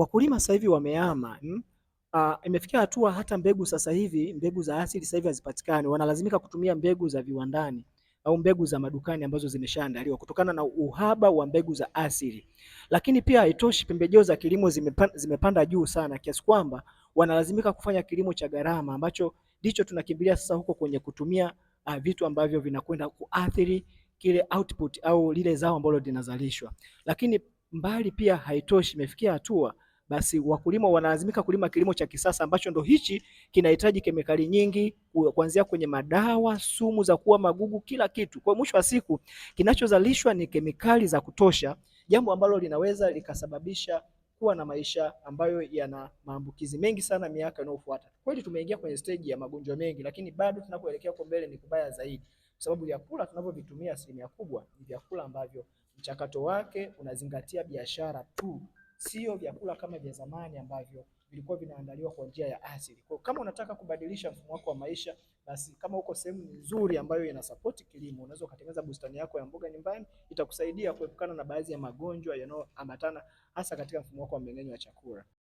Wakulima sasa hivi wameama hmm? Uh, imefikia hatua hata mbegu sasa hivi, mbegu za asili sasa hivi hazipatikani, wanalazimika kutumia mbegu za viwandani au mbegu za madukani ambazo zimeshaandaliwa kutokana na uhaba wa mbegu za asili. Lakini pia haitoshi, pembejeo za kilimo zimepanda, zimepanda juu sana kiasi kwamba wanalazimika kufanya kilimo cha gharama ambacho ndicho tunakimbilia sasa huko kwenye kutumia uh, vitu ambavyo vinakwenda kuathiri kile output au lile zao ambalo linazalishwa. Lakini mbali pia haitoshi, imefikia hatua basi wakulima wanalazimika kulima kilimo cha kisasa ambacho ndo hichi kinahitaji kemikali nyingi, kuanzia kwenye madawa, sumu za kuua magugu, kila kitu. Kwa mwisho wa siku, kinachozalishwa ni kemikali za kutosha, jambo ambalo linaweza likasababisha kuwa na maisha ambayo yana maambukizi mengi sana miaka inayofuata. Kweli tumeingia kwenye steji ya magonjwa mengi, lakini bado tunapoelekea huko mbele ni kubaya zaidi, kwa sababu vyakula tunavyovitumia asilimia kubwa ni vyakula ambavyo mchakato wake unazingatia biashara tu sio vyakula kama vya zamani ambavyo vilikuwa vinaandaliwa kwa njia ya asili. Kwa kama unataka kubadilisha mfumo wako wa maisha, basi kama uko sehemu nzuri ambayo ina support kilimo, unaweza ukatengeneza bustani yako ya mboga nyumbani, itakusaidia kuepukana na baadhi ya magonjwa yanayoambatana hasa katika mfumo wako wa mmeng'enyo wa chakula.